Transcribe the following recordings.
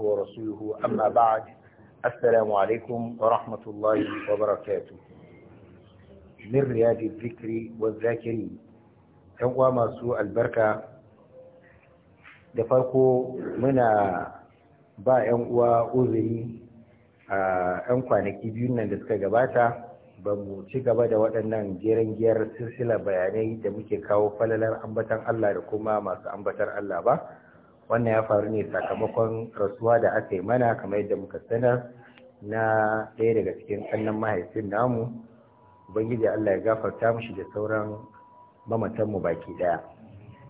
ورسوله أما بعد السلام wa ورحمة الله وبركاته من wa Zakiri, والذاكرين هو masu albarka da farko muna ba 'yan uwa uzuri a 'yan kwanaki biyun nan da suka gabata ba mu ci gaba da waɗannan jeren giyar silsilar bayanai da muke kawo falalar ambatan Allah da kuma masu ambatar Allah ba wannan ya faru ne sakamakon rasuwa da aka yi mana kamar yadda muka sanar na ɗaya daga cikin ƙannan mahaifin namu ubangiji Allah ya gafarta mushi da sauran mamatanmu baki ɗaya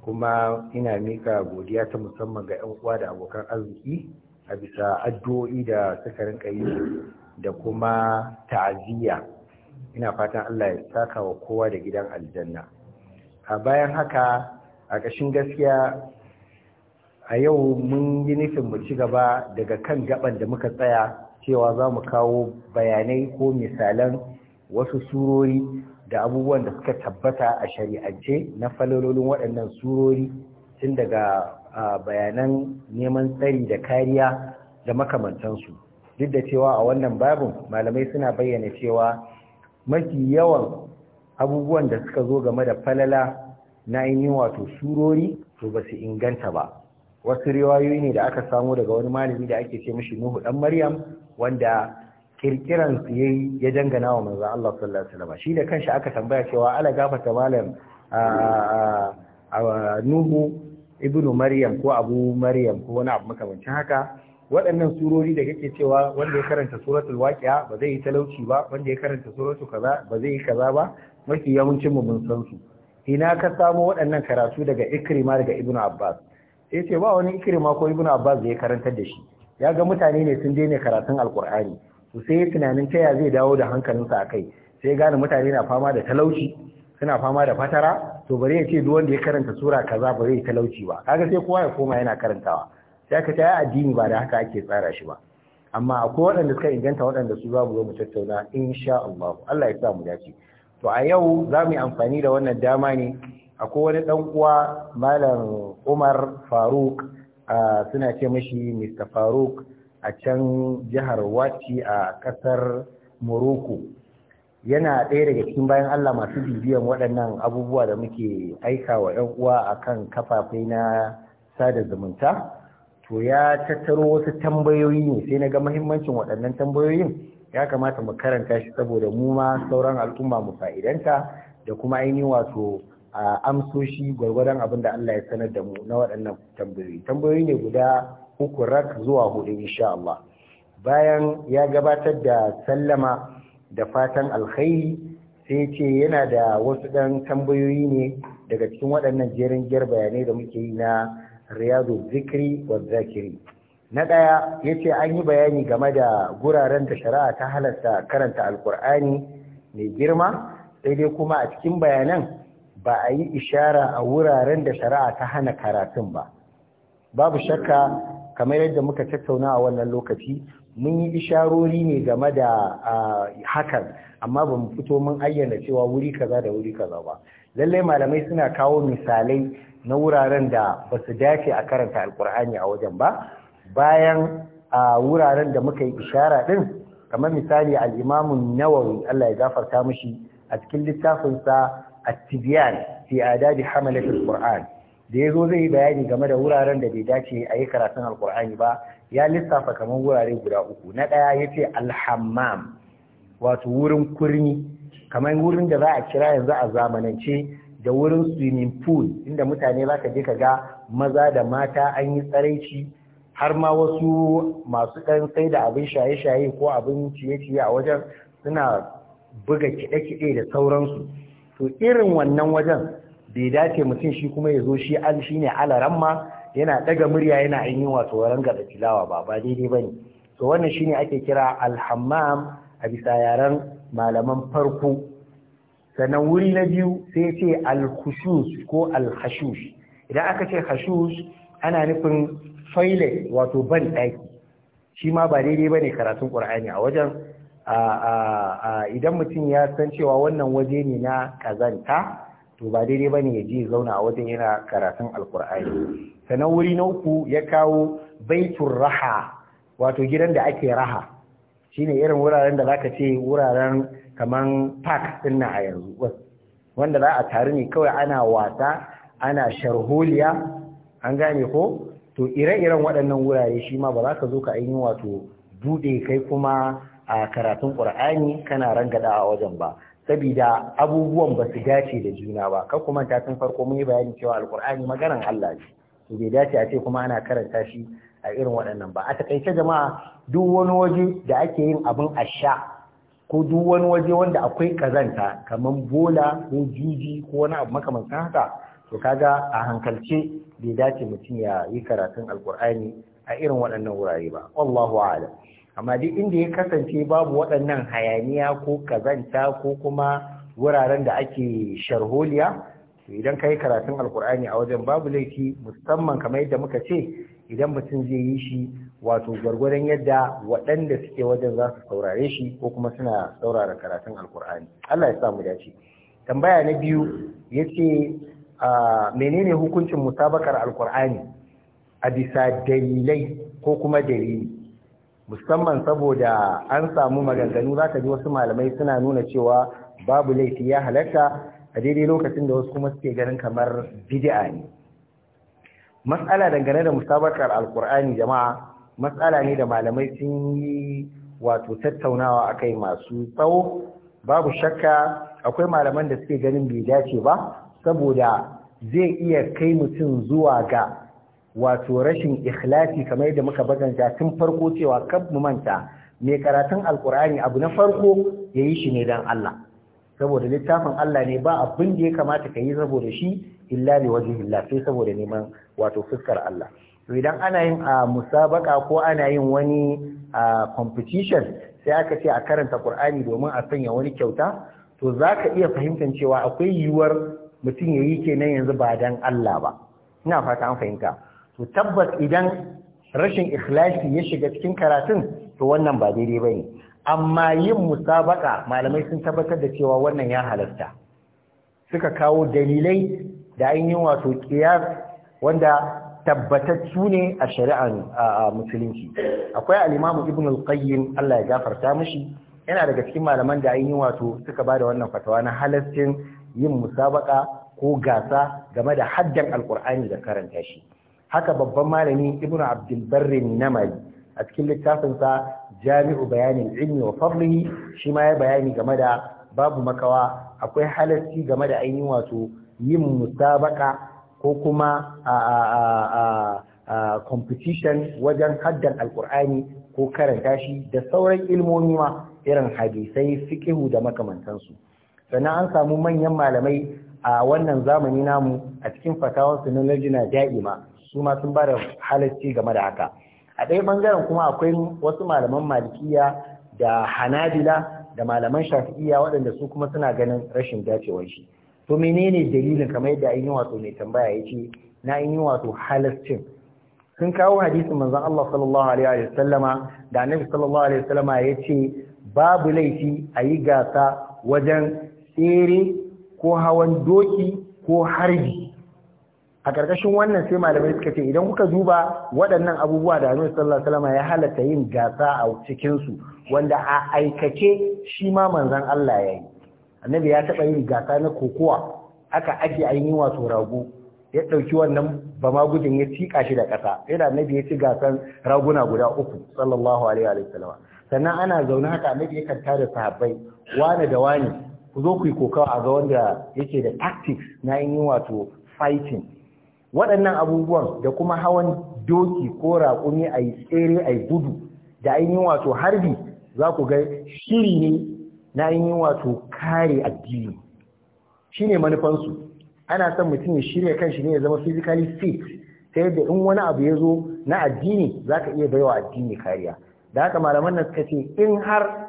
kuma ina mika godiya ta musamman ga 'yan uwa da abokan arziki a bisa addu'o'i da suka rinka yi da kuma ta'aziyya ina fatan Allah ya saka wa kowa da gidan aljanna a bayan haka a ƙashin gaskiya a yau mun yi nufin mu ci gaba daga kan gaban da muka tsaya cewa za mu kawo bayanai ko misalan wasu surori da abubuwan da suka tabbata a shari'ance na falololin waɗannan surori tun daga bayanan neman tsari da kariya da makamantansu duk da cewa a wannan babin malamai suna bayyana cewa mafi yawan abubuwan da suka zo game da falala na ainihin wato surori to ba su inganta ba wasu riwayoyi ne da aka samu daga wani malami da ake ce mishi Nuhu dan Maryam wanda kirkiran su yayi ya dangana wa manzo Allah sallallahu alaihi wasallam shi da kanshi aka tambaya cewa ala gafata malam Nuhu ibnu Maryam ko Abu Maryam ko wani abu makamancin haka waɗannan surori da kake cewa wanda ya karanta suratul waqi'a ba zai yi talauci ba wanda ya karanta suratul kaza ba zai yi kaza ba mafi yawancin mu mun san su ina ka samo waɗannan karatu daga Ikrima daga Ibnu Abbas sai ce ba wani ikirma ko ibnu abbas da ya karantar da shi ya ga mutane ne sun daina karatun alkur'ani su sai ya tunanin ta ya zai dawo da hankalinsa a kai sai gane mutane na fama da talauci suna fama da fatara to bari ya ce duk wanda ya karanta sura kaza ba zai talauci ba kaga sai kowa ya koma yana karantawa sai aka ta addini ba da haka ake tsara shi ba amma akwai waɗanda suka inganta waɗanda su za mu zo mu tattauna insha Allah Allah ya sa mu dace to a yau za mu yi amfani da wannan dama ne akwai wani ɗan uwa malam Umar Faruk suna ce mashi Mr Faruk a can jihar Wati a ƙasar Morocco yana ɗaya daga cikin bayan Allah masu bibiyan waɗannan abubuwa da muke aika wa ɗan uwa a kan kafafe na sada zumunta to ya tattaro wasu tambayoyi ne sai na ga mahimmancin waɗannan tambayoyin ya kamata mu karanta shi saboda mu ma sauran al'umma mu fa'idanta da kuma ainihin wato A amsoshi gwargwadon abin da Allah ya sanar da mu na waɗannan tambayoyi tambayoyi ne guda uku rak zuwa hudu insha Allah bayan ya gabatar da sallama da fatan alkhairi sai ce yana da wasu ɗan tambayoyi ne daga cikin waɗannan jerin giyar bayanai da muke yi na riyadu zikri wa zakiri na ɗaya ya ce an yi bayani game da guraren da shari'a ta halarta karanta alkur'ani mai girma sai dai kuma a cikin bayanan ba a yi ishara a wuraren da shari'a ta hana karatun ba babu shakka kamar yadda muka tattauna a wannan lokaci mun yi isharori ne game da hakan amma ba mu fito mun ayyana cewa wuri kaza da wuri kaza ba lallai malamai suna kawo misalai na wuraren da ba su dace a karanta alkur'ani a wajen ba bayan a wuraren da muka yi ishara ɗin, kamar misali al'imamun nawawi Allah ya gafarta mishi a cikin littafinsa التبيان في آداب حملة hamalat al-Qur'an da yazo zai bayani game da wuraren da bai dace a yi karatun alkur'ani ba ya lissafa kamar wurare guda uku na ɗaya yace ce hammam wato wurin kurmi kamar wurin da za a kira yanzu a zamanance da wurin swimming pool inda mutane za ka je ka ga maza da mata an yi tsaraici har ma wasu masu ɗan sai da abin shaye-shaye ko abin ciye-ciye a wajen suna buga kiɗe-kiɗe da sauransu to irin wannan wajen bai dace mutum shi kuma ya zo shi al shi ne alaramma yana daga murya yana ainihin wato ranga da tilawa ba ba daidai ba ne to wannan shine ake kira alhammam a bisa yaren malaman farko sannan wuri na biyu sai ce alkhushush ko al alhashush idan aka ce hashush ana nufin toilet wato ban ɗaki shi ma ba daidai ba ne karatun ƙur'ani a wajen idan mutum ya san cewa wannan waje ne na kazanta to ba daidai ba ne ya je zauna a wajen yana karatun alkur'ani sannan wuri na uku ya kawo baitun raha wato gidan da ake raha shine irin wuraren da zaka ce wuraren kamar park din na a yanzu wanda za a taru ne kawai ana wasa ana sharholiya an gane ko to ire-iren waɗannan wurare shi ma ba za ka zo ka yi wato buɗe kai kuma a karatun ƙur'ani kana rangada a wajen ba sabida abubuwan ba su dace da juna ba ka kuma ta tun farko mun yi bayani cewa alƙur'ani maganan Allah ne to bai dace a ce kuma ana karanta shi a irin waɗannan ba a takaice jama'a duk wani waje da ake yin abin asha ko duk wani waje wanda akwai kazanta kamar bola ko jiji ko wani abu makamancin haka to kaga a hankalce bai dace mutum ya yi karatun alkur'ani a irin waɗannan wurare ba wallahu a'lam amma duk inda ya kasance babu waɗannan hayaniya ko kazanta ko kuma wuraren da ake sharholiya to idan ka yi karatun alkur'ani a wajen babu laifi musamman kamar yadda muka ce idan mutum zai yi shi wato gwargwadon yadda waɗanda suke wajen za su saurare shi ko kuma suna saurara karatun alkur'ani allah ya samu dace tambaya na biyu ya ce menene hukuncin musabakar alkur'ani a bisa dalilai ko kuma dalili musamman saboda an samu maganganu za ka ji wasu malamai suna nuna cewa babu laifi ya halatta a daidai lokacin da wasu kuma suke ganin kamar bid'a ne matsala dangane da musabakar alkur'ani jama'a matsala ne da malamai sun yi wato tattaunawa akai masu tsawo babu shakka akwai malaman da suke ganin bai dace ba saboda zai iya kai mutum zuwa ga wato rashin ikhlasi kamar yadda muka baganta tun farko cewa kab mu manta mai karatun alkur'ani abu na farko ya yi shi ne don Allah saboda littafin Allah ne ba abin da ya kamata ka yi saboda shi illa ne wajen illa sai saboda neman wato fuskar Allah to idan ana yin a musabaka ko ana yin wani a competition sai aka ce a karanta qur'ani domin a sanya wani kyauta to zaka iya fahimtar cewa akwai yiwuwar mutum ya yi kenan yanzu ba dan Allah ba ina fata an fahimta to tabbas idan rashin ikhlasi ya shiga cikin karatun to wannan ba daidai ba ne amma yin musabaka malamai sun tabbatar da cewa wannan ya halarta suka kawo dalilai da ainihin wato kiyas wanda tabbatattu ne a shari'ar musulunci akwai alimamu ibn al-qayyim Allah ya gafarta mashi yana daga cikin malaman da ainihin wato suka bada wannan fatawa na halastin yin musabaka ko gasa game da haddan alkur'ani da karanta shi haka babban malami ibnu abdul namari a cikin littafinsa jami'u bayanin ilmi wa fadlihi shi ma ya bayani game da babu makawa akwai halarci game da ainihin wato yin musabaka ko kuma a competition wajen haddan alkur'ani ko karanta shi da sauran ilmomi ma irin hadisai fiqihu da makamantansu sannan an samu manyan malamai a wannan zamani namu a cikin fatawar su na lajina da'ima su ma sun ba da halarci game da haka a ɗaya ɓangaren kuma akwai wasu malaman malikiya da hanabila da malaman shafi'iya waɗanda su kuma suna ganin rashin dacewar shi to menene dalilin kamar yadda yi wato mai tambaya ya ce na yi wato halascin sun kawo hadisin manzon Allah sallallahu alaihi wa sallama da annabi sallallahu alaihi wa sallama ya ce babu laifi a yi gasa wajen tsere ko hawan doki ko harbi a ƙarƙashin wannan sai malamai suka ce idan kuka duba waɗannan abubuwa da annabi sallallahu alaihi wasallam ya halatta yin gasa a cikin su wanda a aikace shi ma manzon Allah ya yi annabi ya taɓa yin gasa na kokowa aka ake yi wato rago ya ɗauki wannan bama gudun ya tika shi da ƙasa sai da annabi ya ci gasan raguna guda uku sallallahu alaihi wa sallam sannan ana zaune haka annabi ya kanta da sahabbai wani da wani ku zo ku yi kokawa a ga wanda yake da tactics na yin wato fighting waɗannan abubuwan da kuma hawan doki ko raƙumi a yi tsere a yi gudu da ainihin wato harbi za ku ga shiri ne na ainihin wato kare addini shi ne manufansu ana son mutum ya shirya kan shi ne ya zama physically fit ta yadda in wani abu ya zo na addini za ka iya baiwa addini kariya da haka malaman nan suka ce in har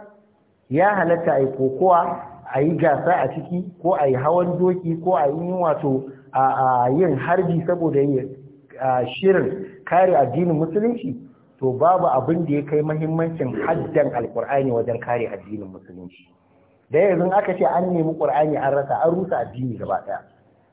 ya halatta a yi kokowa a yi gasa a ciki ko a yi hawan doki ko a yi wato a yin harbi saboda shirin kare addinin musulunci to babu abin da ya kai mahimmancin haddan alkur'ani wajen kare addinin musulunci da yanzu aka ce an nemi qur'ani an rasa an rusa addini gaba daya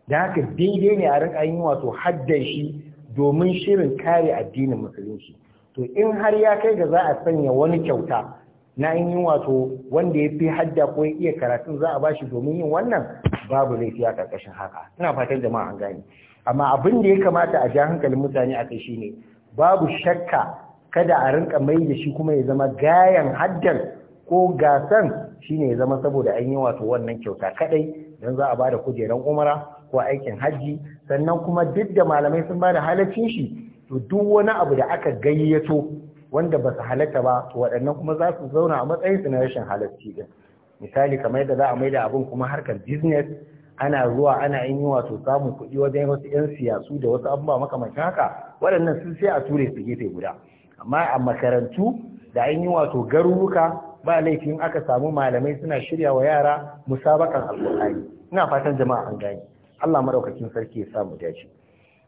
da haka daidai ne a rinka yin wato haddan shi domin shirin kare addinin musulunci to in har ya kai ga za a sanya wani kyauta na yin wato wanda ya fi hadda ko ya iya karatun za a bashi domin yin wannan babu laifi a ƙarƙashin haka ina fatan jama'a an gane amma abin da ya kamata a ja hankalin mutane a kai shine babu shakka kada a rinka mai da shi kuma ya zama gayan haddar ko gasan shine ya zama saboda an yi wato wannan kyauta kadai don za a ba da kujeran umara ko aikin hajji sannan kuma duk da malamai sun ba da halaccin shi to duk wani abu da aka gayyato wanda ba su halatta ba waɗannan kuma za su zauna a matsayin su na rashin halatti din misali kamar yadda za a maida abin kuma harkar business ana zuwa ana yin wato samun kuɗi wajen wasu 'yan siyasu da wasu abubuwa makamancin haka waɗannan sun sai a ture su gefe guda amma a makarantu da an yi wato garuruka ba laifin aka samu malamai suna shirya wa yara musabakan alƙur'ani ina fatan jama'a an gani Allah madaukakin sarki ya samu dace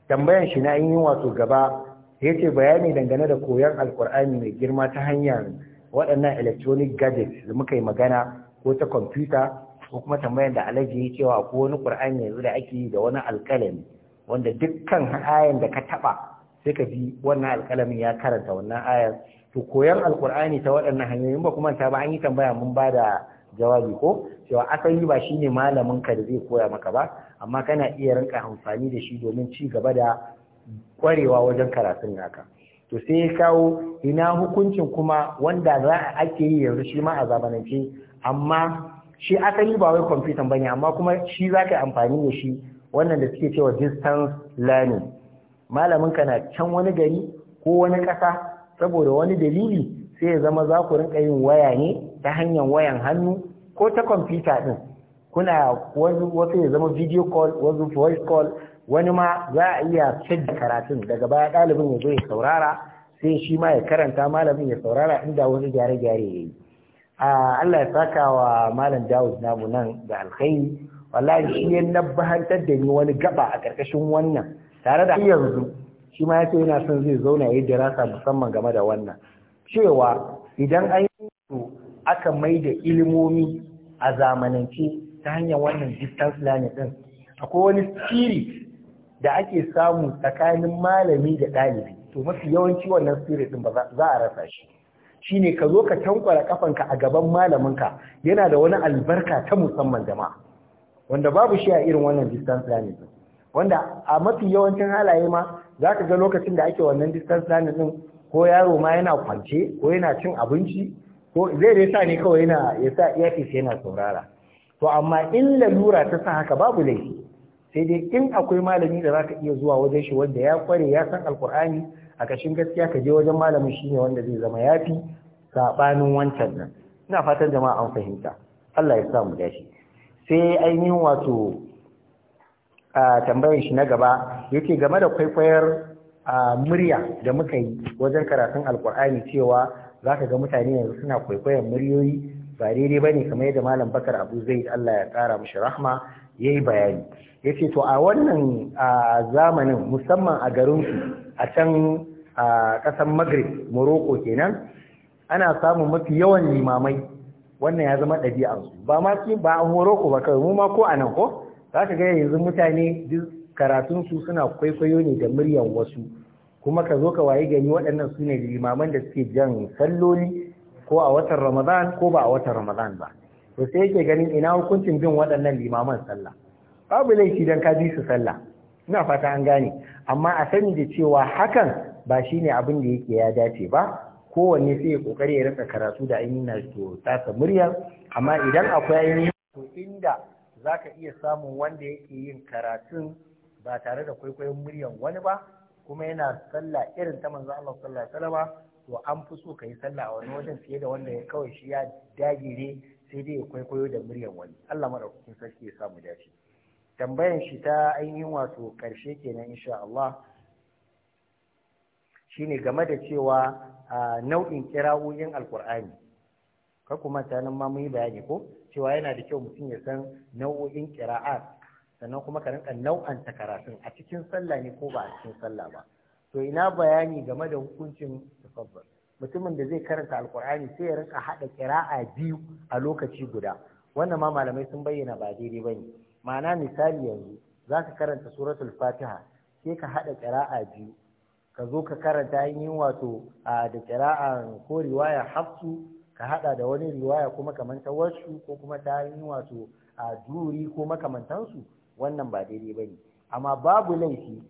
tambayan shi na an yi wato gaba ya ce bayani dangane da koyon alkur'ani mai girma ta hanyar waɗannan electronic gadgets da muka yi magana ko ta kwamfuta ko kuma tambayar da alaji ya cewa ko wani ƙur'ani yanzu da ake yi da wani alƙalami wanda dukkan ayan da ka taɓa sai ka ji wannan alƙalamin ya karanta wannan ayan to koyon alƙur'ani ta waɗannan hanyoyin ba kuma ta ba an yi tambaya mun ba da jawabi ko cewa asali ba shine malamin ka da zai koya maka ba amma kana iya rinka amfani da shi domin ci gaba da kwarewa wajen karatun naka to sai ya kawo ina hukuncin kuma wanda za a ake yi yanzu shi ma a zamanance amma shi asali ba wai kwamfutan bane amma kuma shi za ka yi amfani da shi wannan da suke cewa distance learning malamin ka na can wani gari ko wani ƙasa saboda wani dalili sai ya zama za ku rinka yin waya ne ta hanyar wayan hannu ko ta kwamfuta din kuna wasu ya zama video call wasu voice call wani ma za a iya da karatun daga baya ɗalibin ya zo ya saurara sai shi ma ya karanta malamin ya saurara inda wani gyare-gyare ya yi Allah ya saka wa malam Dawud namu nan da alkhairi wallahi shi ya nabbahantar da ni wani gaba a ƙarƙashin wannan tare da yanzu shi ma ya ce yana son zai zauna ya yi dirasa musamman game da wannan cewa idan an yi aka mai da ilimomi a zamanance ta hanyar wannan distance learning din akwai wani siri da ake samu tsakanin malami da ɗalibi to mafi yawanci wannan spirit ɗin ba za a rasa shi Shi ne ka zo ka tankwara kafanka a gaban malaminka yana da wani albarka ta musamman jama'a wanda babu shi a irin wannan distance learning ɗin wanda a mafi yawancin halaye ma za ka ga lokacin da ake wannan distance learning din ko yaro ma yana kwance ko yana cin abinci ko zai dai sa ne kawai yana ya sa yana saurara to amma in lalura ta sa haka babu laifi sai dai in akwai malami da za ka iya zuwa wajen shi wanda ya kware ya san alkur'ani a kashin gaskiya ka je wajen malamin shine wanda zai zama yafi sabanin wancan nan ina fatan jama'a an fahimta Allah ya samu dashi sai ainihin wato a tambayar shi na gaba yake game da kwaikwayar murya da muka yi wajen karatun alkur'ani cewa za ka ga mutane yanzu suna kwaikwayar muryoyi ba daidai ba ne kamar yadda malam Bakar Abu Zaid Allah ya kara mashi rahma ya yi bayani ya ce to a wannan zamanin musamman a garinsu a can kasan magrib morocco kenan ana samun mafi yawan limamai wannan ya zama ɗabi'ansu. ba ma su ba a morocco ba kawai mu ma ko a nan ko za ka gaya yanzu mutane duk karatunsu suna kwaikwayo ne da muryan wasu kuma ka zo ka waye gani waɗannan su ne limaman da suke jan salloli ko a watan ramadan ko ba a watan ramadan ba to sai yake ganin ina hukuncin bin waɗannan limaman sallah babu laifi dan ka bi su sallah ina fata an gane amma a sani da cewa hakan ba shine abin da yake ya dace ba kowanne sai ya kokari ya rika karatu da ainihin na to tasa murya amma idan akwai ainihin to inda zaka iya samun wanda yake yin karatun ba tare da kwaikwayon muryar wani ba kuma yana sallah irin ta manzo Allah sallallahu alaihi wasallam to an fi so ka yi sallah a wani wajen fiye da wanda kawai shi ya dagire sai dai ya kwaikwayo da muryan wani Allah madaukakin sarki ya samu dace tambayan shi ta ainihin wato karshe kenan insha Allah shine game da cewa nau'in kira'o'in alkur'ani ka kuma ta nan ma mun yi bayani ko cewa yana da kyau mutum ya san nau'o'in kira'a sannan kuma ka rinka nau'anta karatun a cikin sallah ne ko ba a cikin sallah ba to ina bayani game da hukuncin tafabbal mutumin da zai karanta alkur'ani sai ya rika haɗa ƙira'a biyu a lokaci guda wannan ma malamai sun bayyana ba daidai ba ne. ma'ana misali yanzu za ka karanta suratul fatiha sai ka haɗa kira'a biyu ka zo ka karanta ainihin wato da ƙira'a ko riwaya hafsu ka haɗa da wani riwaya ko makamantar wasu ko kuma ta ainihin wato a duri ko makamantansu wannan ba daidai ba ne. amma babu laifi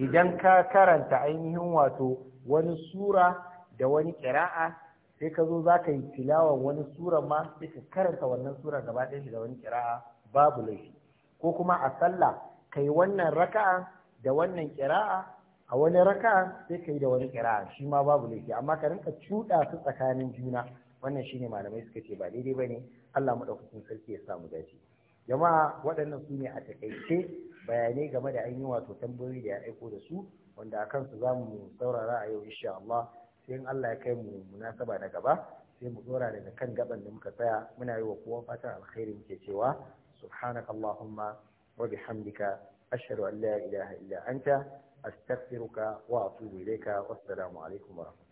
idan ka karanta ainihin wato wani sura da wani kira'a sai ka zo za ka yi tilawan wani sura ma sai ka karanta wannan sura gaba ɗaya shi da wani kira'a babu laifi ko kuma a sallah ka yi wannan raka'a da wannan kira'a a wani raka'a sai ka yi da wani kira'a shi ma babu laifi amma ka rinka cuɗa su tsakanin juna wannan shi ne malamai suka ce ba daidai ba ne. Allah madaukakin sarki ya samu dace jama'a waɗannan su ne a takaice bayanai game da an yi wato tambayoyi da ya aiko da su wanda akan su za mu saurara a yau insha Allah in Allah ya kai mu munasaba na gaba sai mu dora daga kan gaban da muka tsaya muna yi wa kowa fatan alkhairi muke cewa subhanaka allahumma wa bihamdika ashhadu an la ilaha illa anta astaghfiruka wa atubu ilayka wassalamu alaikum wa rahmatullahi